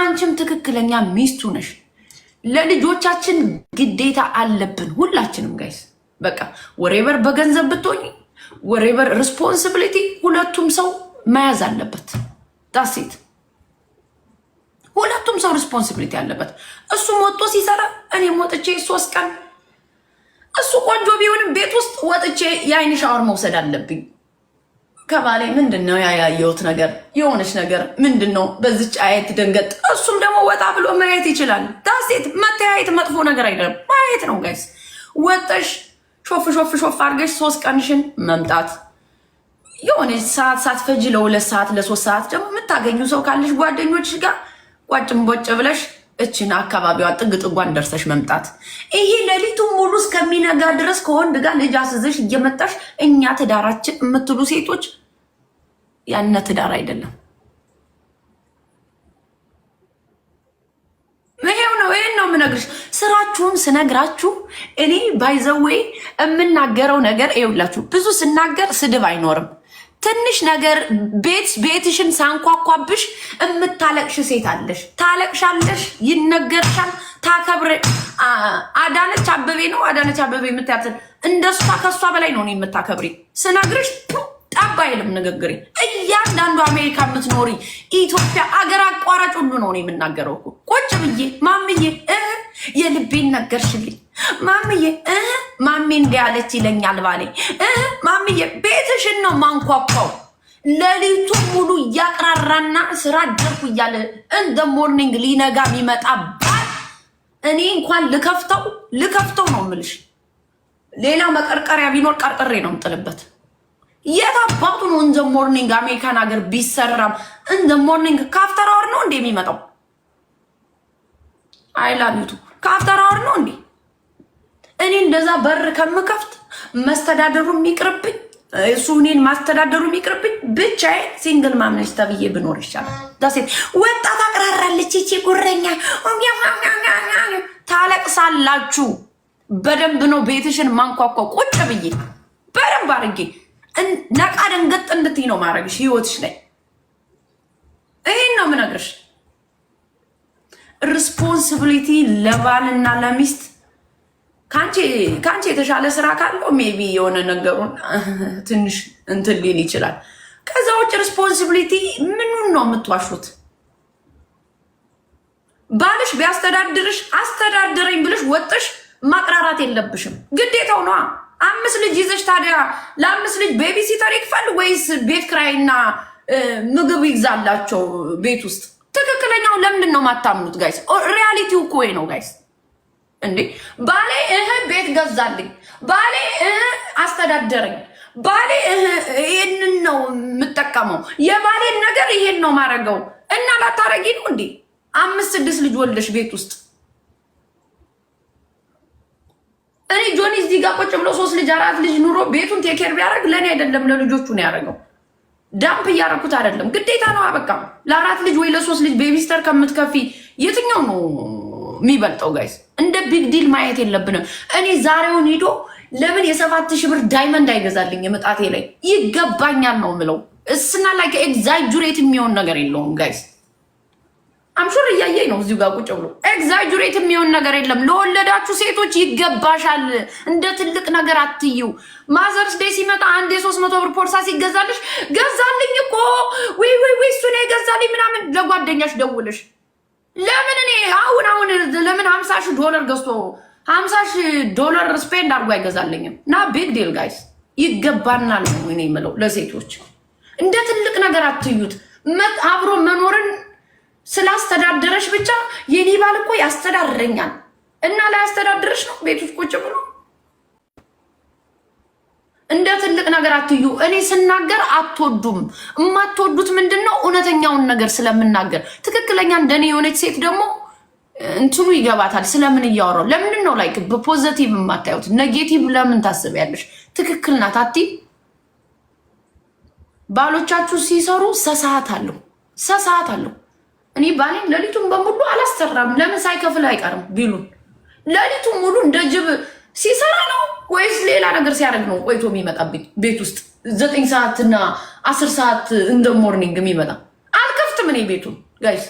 አንቺም ትክክለኛ ሚስቱ ነሽ። ለልጆቻችን ግዴታ አለብን ሁላችንም ጋይስ። በቃ ወሬበር በገንዘብ ብትሆኝ ወሬበር ሪስፖንሲቢሊቲ ሁለቱም ሰው መያዝ አለበት። ዳሴት ሁለቱም ሰው ሪስፖንሲቢሊቲ አለበት። እሱ ወጥቶ ሲሰራ እኔ ወጥቼ ሶስት ቀን እሱ ቆንጆ ቢሆንም ቤት ውስጥ ወጥቼ የአይን ሻወር መውሰድ አለብኝ። ከባሌ ምንድን ነው ያያየሁት ነገር የሆነች ነገር ምንድን ነው? በዚች አየት ደንገጥ። እሱም ደግሞ ወጣ ብሎ ማየት ይችላል። ዳሴት መተያየት መጥፎ ነገር አይደለም፣ ማየት ነው ጋይስ። ወጠሽ ሾፍ ሾፍ ሾፍ አድርገሽ ሶስት ቀንሽን መምጣት የሆነች ሰዓት ሳትፈጅ ለሁለት ሰዓት ለሶስት ሰዓት ደግሞ የምታገኙ ሰው ካለሽ ጓደኞች ጋር ቋጭም ቦጭ ብለሽ እችን አካባቢዋ ጥግ ጥጓን ደርሰሽ መምጣት። ይሄ ሌሊቱ ሙሉ እስከሚነጋ ድረስ ከወንድ ጋር ልጅ አስዘሽ እየመጣሽ እኛ ትዳራችን የምትሉ ሴቶች ያነ ትዳር አይደለም። ይሄው ነው። ይሄን ነው የምነግርሽ። ስራችሁን ስነግራችሁ እኔ ባይዘዌ የምናገረው ነገር ይኸውላችሁ፣ ብዙ ስናገር ስድብ አይኖርም። ትንሽ ነገር ቤት ቤትሽን ሳንኳኳብሽ የምታለቅሽ ሴት አለሽ። ታለቅሻለሽ፣ ይነገርሻል፣ ታከብር። አዳነች አበቤ ነው አዳነች አበቤ የምታያትን እንደሷ ከሷ በላይ ነው የምታከብሪ ስነግርሽ ጠብ አይልም ንግግሬ። እያንዳንዱ አሜሪካ የምትኖሪ ኢትዮጵያ አገር አቋራጭ ሁሉ ነው የምናገረው እኮ ቁጭ ብዬ ማምዬ የልቤን ነገርሽልኝ ማምዬ እ ማሜ እንዲያለች ይለኛል ባሌ እ ማምዬ ቤትሽን ነው ማንኳኳው ለሊቱ ሙሉ እያቅራራና ስራ ደርኩ እያለ እንደ ሞርኒንግ ሊነጋ የሚመጣ ባል እኔ እንኳን ልከፍተው ልከፍተው ነው ምልሽ። ሌላ መቀርቀሪያ ቢኖር ቀርቅሬ ነው ምጥልበት። የታባቱ ነው እንደ ሞርኒንግ አሜሪካን ሀገር ቢሰራም እንደ ሞርኒንግ ከአፍተር አወር ነው እንዴ የሚመጣው? አይ ላቭ አይላቢቱ ከአፍተር አወር ነው እንዴ? እኔ እንደዛ በር ከምከፍት መስተዳደሩ የሚቅርብኝ እሱ እኔን ማስተዳደሩ የሚቅርብኝ ብቻዬን ሲንግል ማምነች ተብዬ ብኖር ይሻላል። ዳሴት ወጣት አቅራራለች ይቺ ጉረኛ ታለቅሳላችሁ። በደንብ ነው ቤትሽን ማንኳኳ ቁጭ ብዬ በደንብ አድርጌ ነቃ ደንገጥ እንድትይ ነው ማድረግሽ ህይወትሽ ላይ። ይሄን ነው የምነግርሽ። ሪስፖንሲቢሊቲ ለባልና ለሚስት ከአንቺ የተሻለ ስራ ካለው ሜቢ የሆነ ነገሩን ትንሽ እንትን ሊል ይችላል። ከዛ ውጭ ሪስፖንሲቢሊቲ ምኑን ነው የምትዋሹት? ባልሽ ቢያስተዳድርሽ አስተዳድረኝ ብልሽ ወጥሽ ማቅራራት የለብሽም ግዴታው ነዋ። አምስት ልጅ ይዘሽ ታዲያ ለአምስት ልጅ ቤቢ ሲተር ይክፈል ወይስ ቤት ክራይና ምግብ ይግዛላቸው ቤት ውስጥ? ትክክለኛው ለምንድን ነው ማታምኑት? ጋይስ ሪያሊቲው እኮ ነው ጋይስ። እንዴ ባሌ እህ ቤት ገዛልኝ፣ ባሌ እህ አስተዳደረኝ፣ ባሌ እህ ይህንን ነው የምጠቀመው፣ የባሌን ነገር ይሄን ነው ማረገው እና ላታረጊ ነው እንዴ? አምስት ስድስት ልጅ ወልደሽ ቤት ውስጥ እኔ ጆኒ እዚህ ጋር ቁጭ ብሎ ሶስት ልጅ አራት ልጅ ኑሮ ቤቱን ቴኬር ቢያደርግ ለእኔ አይደለም ለልጆቹ ነው ያደረገው። ዳምፕ እያደረኩት አይደለም ግዴታ ነው። አበቃ ለአራት ልጅ ወይ ለሶስት ልጅ ቤቢስተር ከምትከፊ የትኛው ነው የሚበልጠው? ጋይስ እንደ ቢግ ዲል ማየት የለብንም። እኔ ዛሬውን ሂዶ ለምን የሰባት ሺህ ብር ዳይመንድ አይገዛልኝ የመጣቴ ላይ ይገባኛል ነው ምለው። እስና ላይ ኤግዛጁሬት የሚሆን ነገር የለውም ጋይስ አምሹር እያየኝ ነው እዚሁ ጋር ቁጭ ብሎ ኤግዛጅሬት የሚሆን ነገር የለም። ለወለዳችሁ ሴቶች ይገባሻል። እንደ ትልቅ ነገር አትዩ። ማዘርስ ዴይ ሲመጣ አንድ የሶስት መቶ ብር ፖርሳ ሲገዛልሽ ገዛልኝ እኮ ወይ ወይ ወይ እሱ ነው የገዛልኝ ምናምን ለጓደኛሽ ደውልሽ ለምን እኔ አሁን አሁን ለምን ሀምሳ ሺህ ዶላር ገዝቶ ሀምሳ ሺህ ዶላር ስፔንድ አድርጎ አይገዛልኝም? ና ቢግ ዴል ጋይስ ይገባናል ነው እኔ የምለው ለሴቶች እንደ ትልቅ ነገር አትዩት። አብሮ መኖርን ስላስተዳደረሽ ብቻ የኔ ባል እኮ ያስተዳድረኛል እና ላያስተዳድረሽ ነው ቤት ውስጥ ቁጭ ብሎ እንደ ትልቅ ነገር አትዩ። እኔ ስናገር አትወዱም። የማትወዱት ምንድን ነው? እውነተኛውን ነገር ስለምናገር ትክክለኛ እንደኔ የሆነች ሴት ደግሞ እንትኑ ይገባታል። ስለምን እያወራው ለምንድን ነው ላይ በፖዘቲቭ የማታዩት? ኔጌቲቭ ለምን ታስቢያለሽ? ትክክል ናት አቲ ባሎቻችሁ ሲሰሩ ሰሰዓት አለው ሰሰዓት አለው እኔ ባሌን ሌሊቱን በሙሉ አላሰራም ለምን ሳይከፍል አይቀርም ቢሉን ሌሊቱን ሙሉ እንደ ጅብ ሲሰራ ነው ወይስ ሌላ ነገር ሲያደርግ ነው ቆይቶ የሚመጣ ቤት ውስጥ ዘጠኝ ሰዓትና አስር ሰዓት እንደ ሞርኒንግ የሚመጣ አልከፍትም እኔ ቤቱን ጋይስ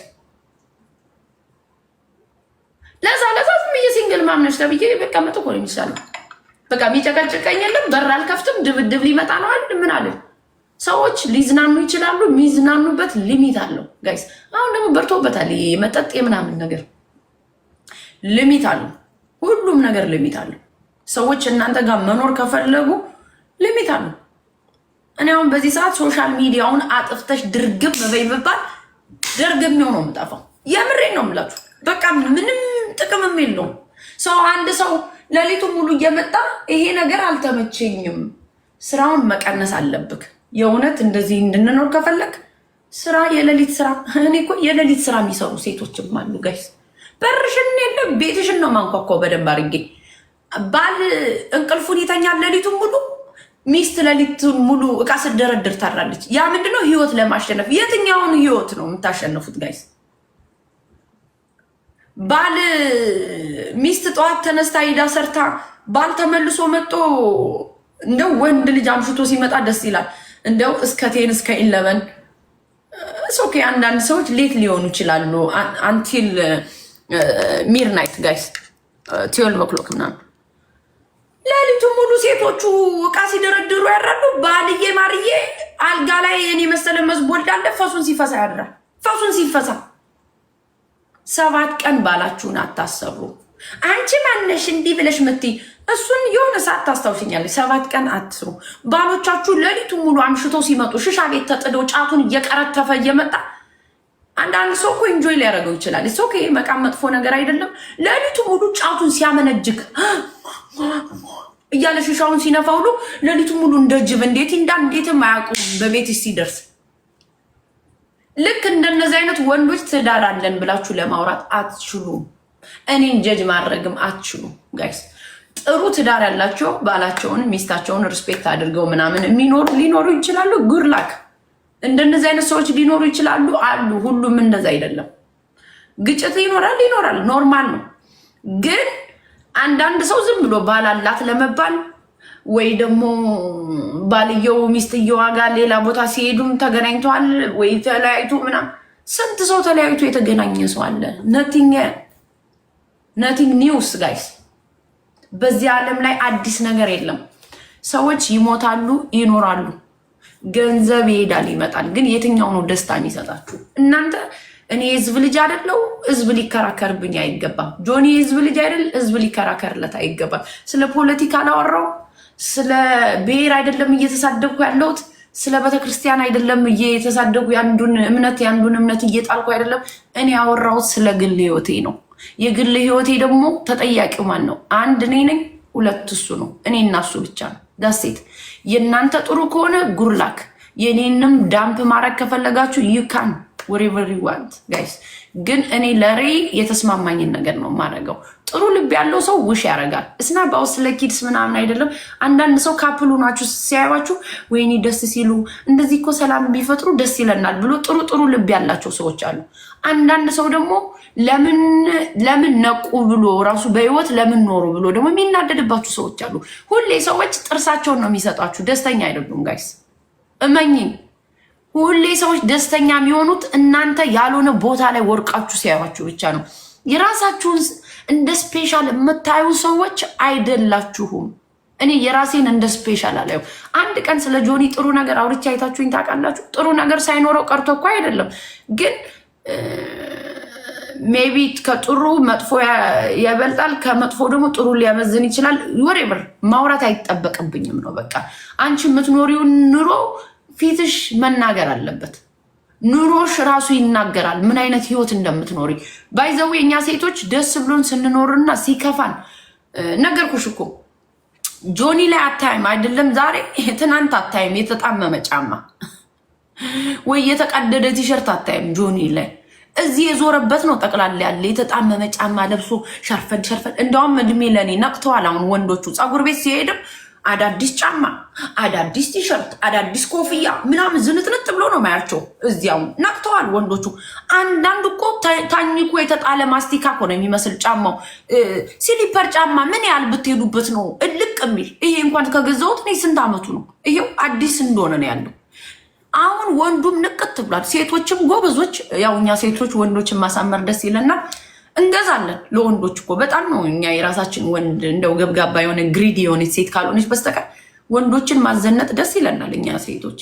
ለዛ ለዛ ዝም ብዬ ሲንግል ማምነች ተብዬ በቃ መጥቆ ነው የሚሻለው በቃ የሚጨቀጭቀኝ የለም በር አልከፍትም ድብድብ ሊመጣ ነው አል ምን አለን ሰዎች ሊዝናኑ ይችላሉ። የሚዝናኑበት ሊሚት አለው ጋይስ። አሁን ደግሞ በርቶበታል መጠጥ የምናምን ነገር ሊሚት አለው። ሁሉም ነገር ሊሚት አለው። ሰዎች እናንተ ጋር መኖር ከፈለጉ ሊሚት አለው። እኔ አሁን በዚህ ሰዓት ሶሻል ሚዲያውን አጥፍተሽ ድርግም በበይ ብባል ድርግም ነው የምጠፋው። የምሬ ነው የምላችሁ። በቃ ምንም ጥቅምም የለውም። ሰው አንድ ሰው ሌሊቱ ሙሉ እየመጣ ይሄ ነገር አልተመቸኝም፣ ስራውን መቀነስ አለብክ የእውነት እንደዚህ እንድንኖር ከፈለግ ስራ፣ የሌሊት ስራ። እኔ እኮ የሌሊት ስራ የሚሰሩ ሴቶችም አሉ ጋይስ። በርሽን የለ ቤትሽን ነው ማንኳኳው በደንብ አድርጌ። ባል እንቅልፉን ይተኛል ሌሊቱን ሙሉ፣ ሚስት ሌሊቱን ሙሉ እቃ ስደረድር ታድራለች። ያ ምንድነው ህይወት ለማሸነፍ። የትኛውን ህይወት ነው የምታሸንፉት ጋይስ? ባል ሚስት ጠዋት ተነስታ ሂዳ ሰርታ፣ ባል ተመልሶ መጥቶ እንደው ወንድ ልጅ አምሽቶ ሲመጣ ደስ ይላል። እንደው እስከ ቴን እስከ ኢለቨን ሶኬ አንዳንድ ሰዎች ሌት ሊሆኑ ይችላሉ። አንቲል ሚድናይት ጋይስ ትዌልቭ ኦክሎክ ምናምን ለሊቱ ሙሉ ሴቶቹ እቃ ሲደረድሩ ያድራሉ። ባልዬ ማርዬ አልጋ ላይ እኔ መሰለ መዝቦልድ አለ ፈሱን ሲፈሳ ያድራል። ፈሱን ሲፈሳ ሰባት ቀን ባላችሁን አታሰሩ። አንቺ ማነሽ እንዲህ ብለሽ ምት እሱን የሆነ ሰዓት ታስታውሰኛለች። ሰባት ቀን አትስሩ። ባሎቻችሁ ሌሊቱ ሙሉ አምሽቶ ሲመጡ ሽሻ ቤት ተጥዶ ጫቱን እየቀረተፈ እየመጣ አንዳንድ ሰው እኮ ኢንጆይ ሊያደርገው ይችላል። ሶኬ መቃም መጥፎ ነገር አይደለም። ሌሊቱ ሙሉ ጫቱን ሲያመነጅግ እያለ ሽሻውን ሲነፋ ሁሉ ሌሊቱ ሙሉ እንደ ጅብ እንዴት እንዳ እንዴትም አያውቁ በቤት ሲደርስ ልክ እንደነዚህ አይነት ወንዶች ትዳር አለን ብላችሁ ለማውራት አትችሉም። እኔን ጀጅ ማድረግም አትችሉም ጋይስ። ጥሩ ትዳር ያላቸው ባላቸውን ሚስታቸውን ሪስፔክት አድርገው ምናምን የሚኖሩ ሊኖሩ ይችላሉ። ጉድ ላክ። እንደነዚህ አይነት ሰዎች ሊኖሩ ይችላሉ አሉ። ሁሉም እንደዚ አይደለም። ግጭት ይኖራል ይኖራል፣ ኖርማል ነው። ግን አንዳንድ ሰው ዝም ብሎ ባላላት ለመባል ወይ ደግሞ ባልየው ሚስትየዋ ጋር ሌላ ቦታ ሲሄዱም ተገናኝተዋል ወይ ተለያይቶ ምናምን፣ ስንት ሰው ተለያይቱ የተገናኘ ሰው አለ ነቲንግ ነቲንግ ኒውስ ጋይስ። በዚህ ዓለም ላይ አዲስ ነገር የለም። ሰዎች ይሞታሉ፣ ይኖራሉ። ገንዘብ ይሄዳል፣ ይመጣል። ግን የትኛው ነው ደስታ የሚሰጣችሁ እናንተ? እኔ የህዝብ ልጅ አይደለው፣ ህዝብ ሊከራከርብኝ አይገባም። ጆኒ የህዝብ ልጅ አይደል፣ ህዝብ ሊከራከርለት አይገባም። ስለ ፖለቲካ አላወራው፣ ስለ ብሔር አይደለም እየተሳደብኩ ያለሁት ስለ ቤተክርስቲያን አይደለም እየተሳደብኩ፣ የአንዱን እምነት የአንዱን እምነት እየጣልኩ አይደለም። እኔ ያወራሁት ስለ ግል ህይወቴ ነው። የግል ህይወቴ ደግሞ ተጠያቂው ማን ነው? አንድ እኔ ነኝ፣ ሁለት እሱ ነው። እኔ እና እሱ ብቻ ነው። ጋሴት የእናንተ ጥሩ ከሆነ ጉርላክ የኔንም ዳምፕ ማድረግ ከፈለጋችሁ ዩካን ወሬቨሪ ዋንት ጋይስ። ግን እኔ ለሬ የተስማማኝን ነገር ነው የማደርገው። ጥሩ ልብ ያለው ሰው ውሽ ያደርጋል። እስና በውስጥ ለኪድስ ምናምን አይደለም። አንዳንድ ሰው ካፕሉ ናችሁ ሲያዩችሁ፣ ወይኔ ደስ ሲሉ እንደዚህ እኮ ሰላም ቢፈጥሩ ደስ ይለናል ብሎ ጥሩ ጥሩ ልብ ያላቸው ሰዎች አሉ። አንዳንድ ሰው ደግሞ ለምን ነቁ ብሎ ራሱ በህይወት ለምን ኖሩ ብሎ ደግሞ የሚናደድባችሁ ሰዎች አሉ። ሁሌ ሰዎች ጥርሳቸውን ነው የሚሰጣችሁ። ደስተኛ አይደሉም ጋይስ፣ እመኝኝ። ሁሌ ሰዎች ደስተኛ የሚሆኑት እናንተ ያልሆነ ቦታ ላይ ወርቃችሁ ሲያዩችሁ ብቻ ነው። የራሳችሁን እንደ ስፔሻል የምታዩ ሰዎች አይደላችሁም። እኔ የራሴን እንደ ስፔሻል አላየው። አንድ ቀን ስለ ጆኒ ጥሩ ነገር አውርቼ አይታችሁኝ ታውቃላችሁ? ጥሩ ነገር ሳይኖረው ቀርቶ እኮ አይደለም ግን ሜቢ ከጥሩ መጥፎ ያበልጣል። ከመጥፎ ደግሞ ጥሩ ሊያመዝን ይችላል። ወሬብር ማውራት አይጠበቅብኝም ነው በቃ። አንቺ የምትኖሪውን ኑሮ ፊትሽ መናገር አለበት። ኑሮሽ ራሱ ይናገራል፣ ምን አይነት ህይወት እንደምትኖሪ ባይዘው እኛ ሴቶች ደስ ብሎን ስንኖርና ሲከፋን ነገርኩሽ እኮ ጆኒ ላይ አታይም አይደለም፣ ዛሬ ትናንት አታይም የተጣመመ ጫማ ወይ የተቀደደ ቲሸርት አታይም ጆኒ ላይ እዚህ የዞረበት ነው ጠቅላላ ያለ የተጣመመ ጫማ ለብሶ ሸርፈን ሸርፈን። እንደውም እድሜ ለእኔ ነቅተዋል። አሁን ወንዶቹ ፀጉር ቤት ሲሄድም አዳዲስ ጫማ፣ አዳዲስ ቲሸርት፣ አዳዲስ ኮፍያ ምናምን ዝንጥንጥ ብሎ ነው ማያቸው። እዚያውን ነቅተዋል ወንዶቹ። አንዳንድ እኮ ታኝኮ የተጣለ ማስቲካ እኮ ነው የሚመስል ጫማው። ሲሊፐር ጫማ ምን ያህል ብትሄዱበት ነው እልቅ የሚል። ይሄ እንኳን ከገዛሁት እኔ ስንት አመቱ ነው? ይሄው አዲስ እንደሆነ ነው ያለው። አሁን ወንዱም ንቅት ብሏል። ሴቶችም ጎበዞች፣ ያው እኛ ሴቶች ወንዶችን ማሳመር ደስ ይለናል። እንገዛለን ለወንዶች እኮ በጣም ነው። እኛ የራሳችን ወንድ እንደው ገብጋባ የሆነ ግሪድ የሆነች ሴት ካልሆነች በስተቀር ወንዶችን ማዘነጥ ደስ ይለናል እኛ ሴቶች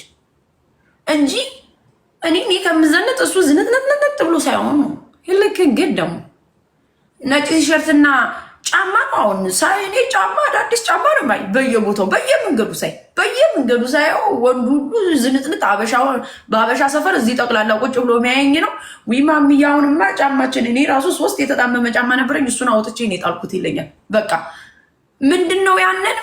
እንጂ እኔ እኔ ከምዘነጥ እሱ ዝንጥነጥነጥ ብሎ ሳይሆኑ ልክ ግን ደግሞ ነጭ ቲሸርትና ጫማ ነው። አሁን ሳይ እኔ ጫማ አዳዲስ ጫማ ነው ማይ በየቦታው በየመንገዱ ሳይ በየመንገዱ ሳይ ወንዱ ሁሉ ዝንጥንጥ አበሻ በአበሻ ሰፈር እዚህ ጠቅላላ ቁጭ ብሎ የሚያየኝ ነው። ዊማም ያሁንማ ጫማችን እኔ ራሱ ሶስት የተጣመመ ጫማ ነበረኝ። እሱን አውጥቼ እኔ ጣልኩት ይለኛል። በቃ ምንድን ነው ያንን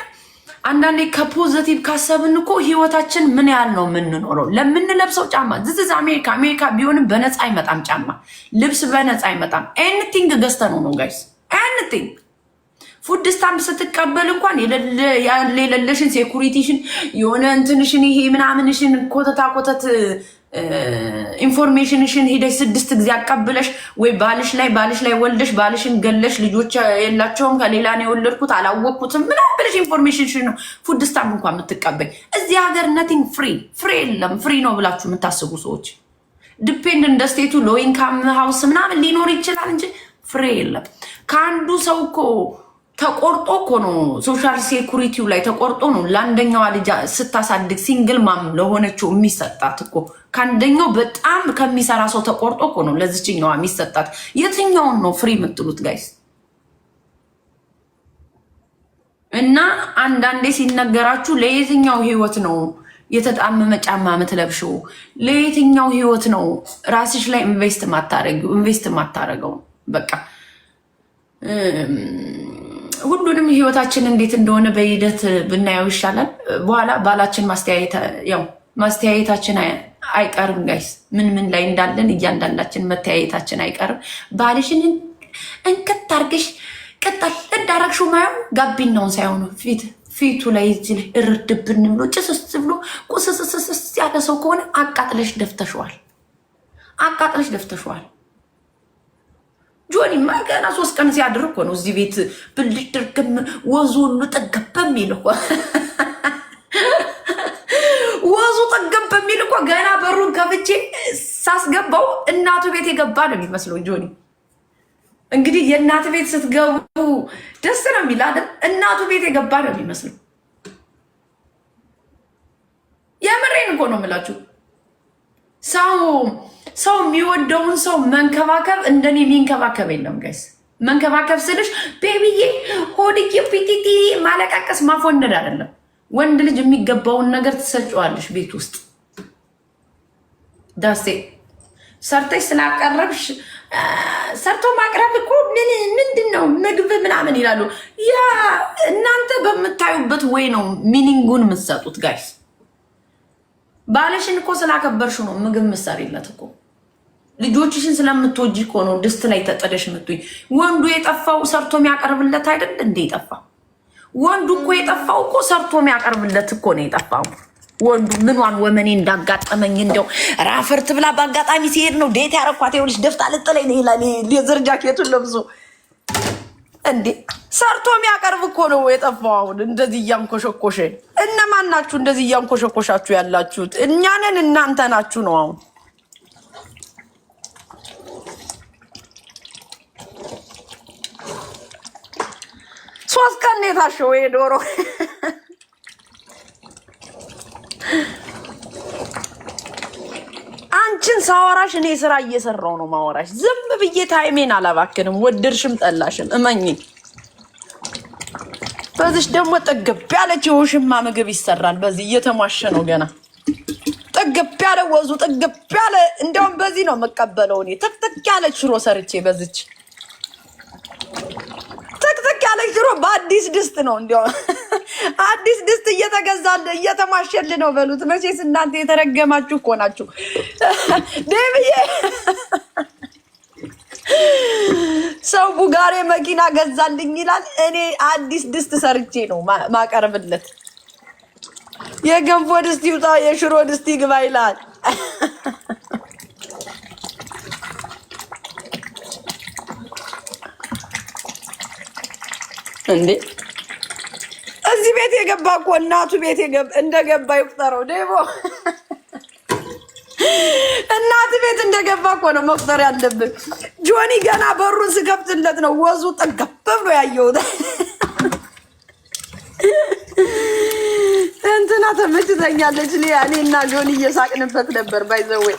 አንዳንዴ ከፖዘቲቭ ካሰብን እኮ ህይወታችን ምን ያህል ነው የምንኖረው? ለምንለብሰው ጫማ ዝዝዝ አሜሪካ አሜሪካ ቢሆንም በነፃ አይመጣም ጫማ ልብስ በነፃ አይመጣም። ኤኒቲንግ ገዝተ ነው ነው ጋይስ ኤኒቲንግ ፉድ ስታምፕ ስትቀበል እንኳን የሌለሽን ሴኩሪቲሽን የሆነ እንትንሽን ይሄ ምናምንሽን ኮተታ ኮተት ኢንፎርሜሽንሽን ሄደሽ ስድስት ጊዜ አቀብለሽ ወይ ባልሽ ላይ ባልሽ ላይ ወልደሽ ባልሽን ገለሽ ልጆች የላቸውም ከሌላ ነው የወለድኩት አላወቅኩትም ምናምን ብለሽ ኢንፎርሜሽንሽን ነው ፉድ ስታምፕ እንኳን የምትቀበኝ። እዚህ ሀገር ነቲንግ ፍሪ ፍሪ የለም። ፍሪ ነው ብላችሁ የምታስቡ ሰዎች ዲፔንድ እንደ ስቴቱ ሎ ኢንካም ሀውስ ምናምን ሊኖር ይችላል እንጂ ፍሬ የለም። ከአንዱ ሰው እኮ ተቆርጦ እኮ ነው ሶሻል ሴኩሪቲው ላይ ተቆርጦ ነው ለአንደኛዋ ልጅ ስታሳድግ ሲንግል ማም ለሆነችው የሚሰጣት እኮ ከአንደኛው በጣም ከሚሰራ ሰው ተቆርጦ እኮ ነው ለዚችኛዋ የሚሰጣት። የትኛውን ነው ፍሪ የምትሉት ጋይስ? እና አንዳንዴ ሲነገራችሁ ለየትኛው ህይወት ነው የተጣመመ ጫማ የምትለብሽው? ለየትኛው ህይወት ነው ራስሽ ላይ ኢንቨስት ማታረጊው? ኢንቨስት ማታረገው በቃ ሁሉንም ህይወታችን እንዴት እንደሆነ በሂደት ብናየው ይሻላል። በኋላ ባላችን ያው ማስተያየታችን አይቀርም ጋይስ፣ ምን ምን ላይ እንዳለን እያንዳንዳችን መተያየታችን አይቀርም። ባልሽን እንክት አርገሽ ቅጠል እንዳረግሽው ማየው ጋቢናውን ሳይሆኑ ፊት ፊቱ ላይ እርድብን ብሎ ጭስስ ብሎ ቁስስስስ ያለ ሰው ከሆነ አቃጥለሽ ደፍተሸዋል። አቃጥለሽ ደፍተሸዋል። ጆኒማ ገና ሶስት ቀን ሲያድር እኮ ነው እዚህ ቤት ድርግም ወዙ ሁሉ ጠገብ የሚል እኮ ወዙ ጠገብ የሚል እኮ ገና በሩን ከፍቼ ሳስገባው እናቱ ቤት የገባ ነው የሚመስለው ጆኒ። እንግዲህ የእናት ቤት ስትገቡ ደስ ነው የሚል አይደል? እናቱ ቤት የገባ ነው የሚመስለው። የምሬን እኮ ነው የምላችሁ ሰው ሰው የሚወደውን ሰው መንከባከብ እንደኔ የሚንከባከብ የለም ጋይስ። መንከባከብ ስልሽ ቤቢዬ ሆድጌ ፒቲቲ ማለቃቀስ ማፎነድ አይደለም። ወንድ ልጅ የሚገባውን ነገር ትሰጫዋለሽ ቤት ውስጥ ዳሴ ሰርተሽ ስላቀረብሽ ሰርቶ ማቅረብ እኮ ምን ምንድን ነው ምግብ ምናምን ይላሉ። ያ እናንተ በምታዩበት ወይ ነው ሚኒንጉን የምትሰጡት ጋይስ። ባለሽን እኮ ስላከበርሽ ነው ምግብ ምሰሪለት እኮ ልጆችሽን ስለምትወጂ እኮ ነው ድስት ላይ ተጠደሽ ምትይ። ወንዱ የጠፋው ሰርቶ የሚያቀርብለት አይደል እንደ የጠፋ ወንዱ እኮ የጠፋው እኮ ሰርቶ የሚያቀርብለት እኮ ነው የጠፋው ወንዱ። ምኗን ወመኔ እንዳጋጠመኝ እንደው ራፈርት ብላ በአጋጣሚ ሲሄድ ነው ዴት ያረኳት የሆነች ደፍታ ልጥለኝ ነው ይላል። ሌዘር ጃኬቱን ለብሶ እንዴ ሰርቶ የሚያቀርብ እኮ ነው የጠፋው። አሁን እንደዚህ እያንኮሸኮሸ እነማን ናችሁ? እንደዚህ እያንኮሸኮሻችሁ ያላችሁት እኛንን እናንተ ናችሁ ነው አሁን ምንድን የታሸው ዶሮ? አንቺን ሳወራሽ እኔ ስራ እየሰራው ነው ማወራሽ። ዝም ብዬ ታይሜን አላባክንም፣ ወድርሽም ጠላሽም እመኝኝ። በዚሽ ደግሞ ጥግብ ያለች የውሽማ ምግብ ይሰራል። በዚህ እየተሟሸ ነው ገና ጥግብ ያለ ወዙ ጥግብ ያለ። እንደውም በዚህ ነው የምቀበለው እኔ ጥቅጥቅ ያለች ሽሮ ሰርቼ በዚች ድሮ በአዲስ ድስት ነው። እንዲ አዲስ ድስት እየተገዛለ እየተማሸል ነው በሉት። መቼስ እናንተ የተረገማችሁ እኮ ናችሁ። ደብዬ ሰው ቡጋሬ መኪና ገዛልኝ ይላል። እኔ አዲስ ድስት ሰርቼ ነው ማቀርብለት። የገንፎ ድስት ይውጣ፣ የሽሮ ድስት ይግባ ይላል። እንዴ እዚህ ቤት የገባ እኮ እናቱ ቤት እንደገባ ይቁጠረው። ደቦ እናት ቤት እንደገባ እኮ ነው መቁጠር ያለብን። ጆኒ ገና በሩን ስከፍትለት ነው ወዙ ጠገብ ብሎ ያየሁት። እንትና ተመችተኛለች ሊያ። እኔ እና ጆኒ እየሳቅንበት ነበር። ባይዘወይ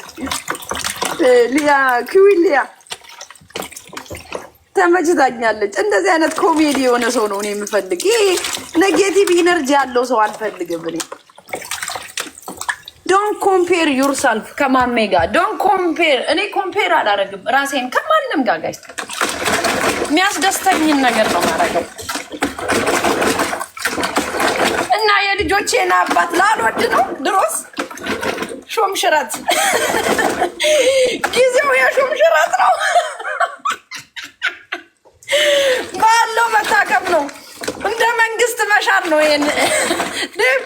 ሊያ ክዊን ሊያ ተመችታኛለች። እንደዚህ አይነት ኮሜዲ የሆነ ሰው ነው እኔ የምፈልግ። ይሄ ኔጌቲቭ ኢነርጂ ያለው ሰው አልፈልግም እኔ። ዶን ኮምፔር ዩርሰልፍ ከማሜ ጋር ዶን ኮምፔር። እኔ ኮምፔር አላረግም ራሴን ከማንም ጋር ጋይስ። የሚያስደስተኝን ነገር ነው ማረገው እና የልጆቼን አባት ላልወድ ነው ድሮስ ሾምሽራት ጊዜው የሾምሽራት ነው። ባለው መታከም ነው። እንደ መንግስት መሻር ነው። ይሄን ድብ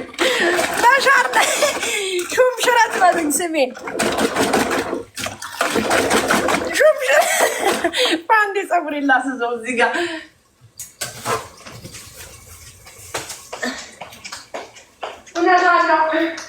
መሻር ሹም ሽረት በሉኝ። ስሜ ሹም ሽረት በአንዴ ፀጉር ላስዘው እዚህ ጋር እውነት አለው